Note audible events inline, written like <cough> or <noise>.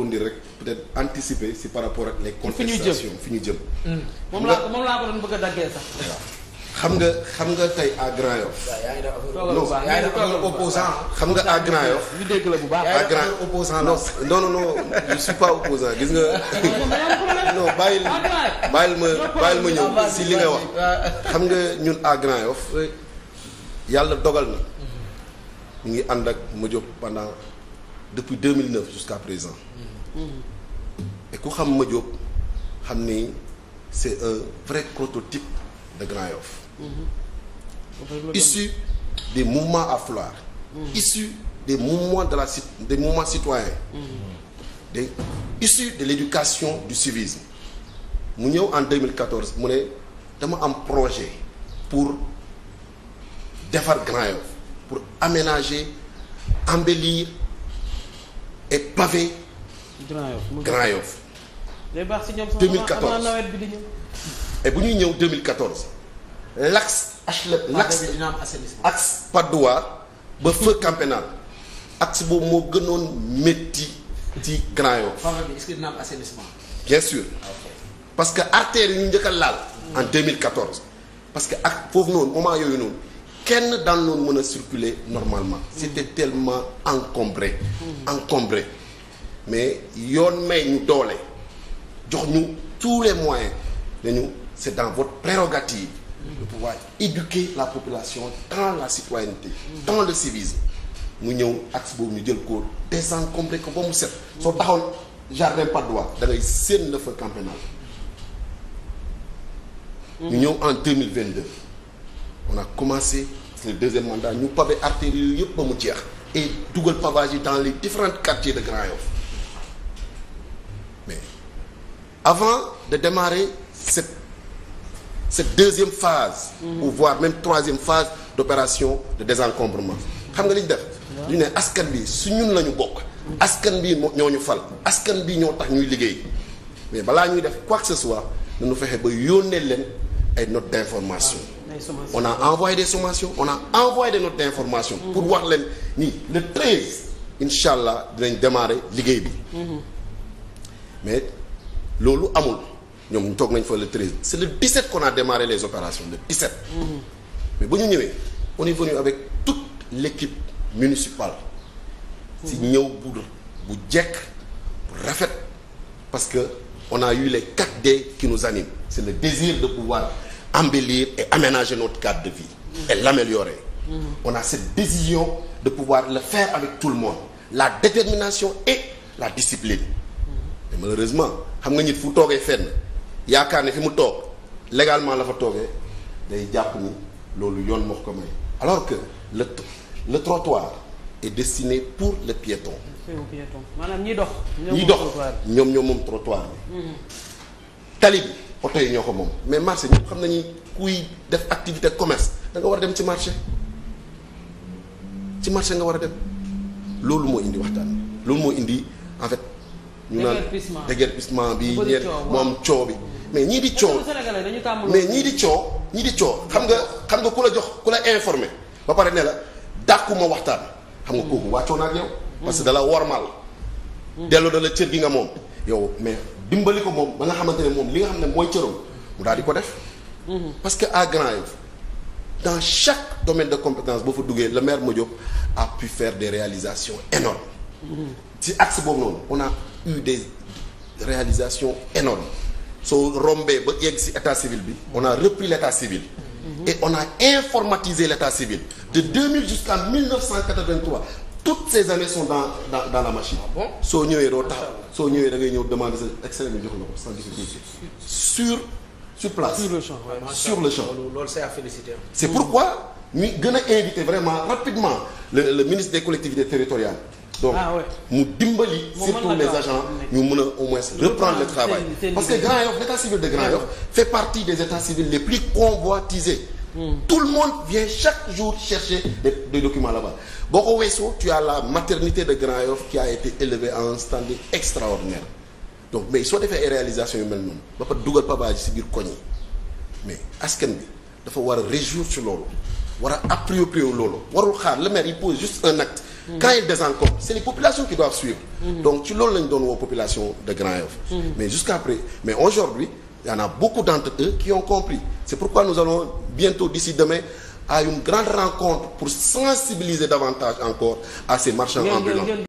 rebondir rek peut-être anticiper si par rapport ak les contestations fi ñu jëm hmm. moom laa moom laa ko doon bëgg a daggee sax xam nga xam nga tey à Grand Yoff opposant xam nga à Grand Yoff ñu dégg la bu baax à Grand opposant non non non <laughs> bàyyil ah, bàyyil ma bàyyil si li nga wax xam nga ñun à Grand Yoff yàlla dogal na mhm. ñu ngi ànd ak ma jóg pendant depuis 2009 présent mhm. et ku xam ma jóg xam ni c'est un vrai prototype de Grand Yoff. issu des mouvements à fleurs. issu des mouvements de la des mouvements citoyens. des issu de l'éducation du civisme mu ñëw en 2014 mu ne dama am projet pour defar Grand Yoff pour aménager embellir et paver Grand Yoff Grand bi bu ñuy ñëw 2014 l'axe HLM l'axe axe Patte d'Oie ba feu Camp Pénal axe boobu moo gënoon métti ci Grand que dina bien sûr ah, parce que artères yi ñu njëkka laal. en parce que ak foofu noonu moment yooyu noonu. kenn daan loon mën a circuler normalement. c'était tellement encombré. Mm. encombré. mais yoon may ñu doole jox ñu tous les moyens nañu c'est dans votre prérogative de pouvoir éduquer la population dans la citoyenneté dans le civisme mu ñëw axe boobu ñu jël ko désencombré ko ba mu set soo taxaw jardin Padois da ngay séen la fa campénal ñu ñëw en 2022 on a commencé le deuxième mandat ñu pavé artères yooyu yëpp ba mu jeex et dugal pavage yi dans les différents quartiers de Grand Yoff avant de démarrer cette cette deuxième phase. Mm -hmm. même troisième phase d'opération de désencombrement. xam nga li ñu def. ñu ne askan bi su ñun la bokk. askan bi ñoo ñu fal askan bi ñoo tax ñuy liggéey mais balaa ñuy def quoi que ce soit fexe ba yónnee leen ay notes d'information. Ah, on a envoyé des sommations on a envoyé des notes d'information. Mhm. pour wax leen ni le allah dinañ démarrer liggéey bi. Mhm. mais loolu amul ñoom ñu toog nañ fa le 13 c' est le 17 qu' on a démarré les opérations le 17. Mm-hmm. mais ba ñu ñëwee on est venu avec toute l' équipe municipale. si mm-hmm. ñëw bu bu jekk bu rafet parce que on a eu les 4D qui nous animent c' est désir de pouvoir embellir et aménager notre cadre de vie. Mm-hmm. et l' améliorer. Mmh. on a cette décision de pouvoir le faire avec tout le monde la détermination et la discipline. malheureusement. xam nga nit fu toogee fenn yaakaar ne fi mu toog légalement la fa toogee day jàpp ni loolu yoon moo ko may alors que le le trottoir et destiné pour le piéton. maanaam ñiy dox. ñi dox ñoom ñoom moom trottoir mm-hmm. tali bi oto yi ñoo ko moom mais marché ñëpp xam nañu kuy def activité commerce danga war a dem ci marché ci marché nga war a dem loolu moo indi waxtaan loolu moo indi en fait. ñu naan déguerpissement bi ñeent mu am coow bi mais ñii di coow mais ñii di coow ñii di coow xam nga xam nga ku la jox ku la informé ba pare ne la dàquma waxtaan xam nga kooku wàccoo naa ak yow parce que dala war wormal mm. delloo na la cër gi nga moom yow mais dimbali ko moom ba nga xamante ne moom li nga xam ne mooy cëram mu daal di ko def mm-hmm. parce que à Grand Yoff dans chaque domaine de compétence boo fa duggee le maire Madiop a pu faire de réalisation énormes si mm-hmm. axe boobu noonu on eu des réalisations énormes soo rombee ba yegg ci état civil bi on a repris l'état civil mhm. et on a informatisé l'état civil de 2000 jusqu'à 1983 toutes ces années sont dans dans, dans la machine ah soo ñëwee doo taxaw soo ñëwee da ngay ñëw demander sa excès ñu jox la ko sans difficulté sur sur place sur le champ sur le champ loolu c'est pourquoi ñu gën a inviter rapidement le ministre des collectivités territoriales donc ah mu dimbali surtout les agents ñu mën a au moins reprendre le travail parce que Grand Yoff l'état civil de Grand Yoff fait partie des états civils les plus convoitisés hmm. tout le monde vient chaque jour chercher des, des documents là-bas boo ko weesoo tu as la maternité de Grand Yoff qui a été élevée à un standing extraordinaire donc mais soo defee ay réalisations yu mel noonu ba pare dugal pabaaji si biir koñ mais askan bi dafa war a réjouir ci loolu wara a approprier loolu warul xaar le maire il pose juste un acte quand ils désencombrent c'est les populations qui doivent suivre mm-hmm. donc ci loolu lañ doon woo population de Grand Yoff mm-hmm. mais jusqu'à après mais aujourd'hui il y en a beaucoup d'entre eux qui ont compris c'est pourquoi nous allons bientôt d'ici demain à une grande rencontre pour sensibiliser davantage encore à ces marchands ambulants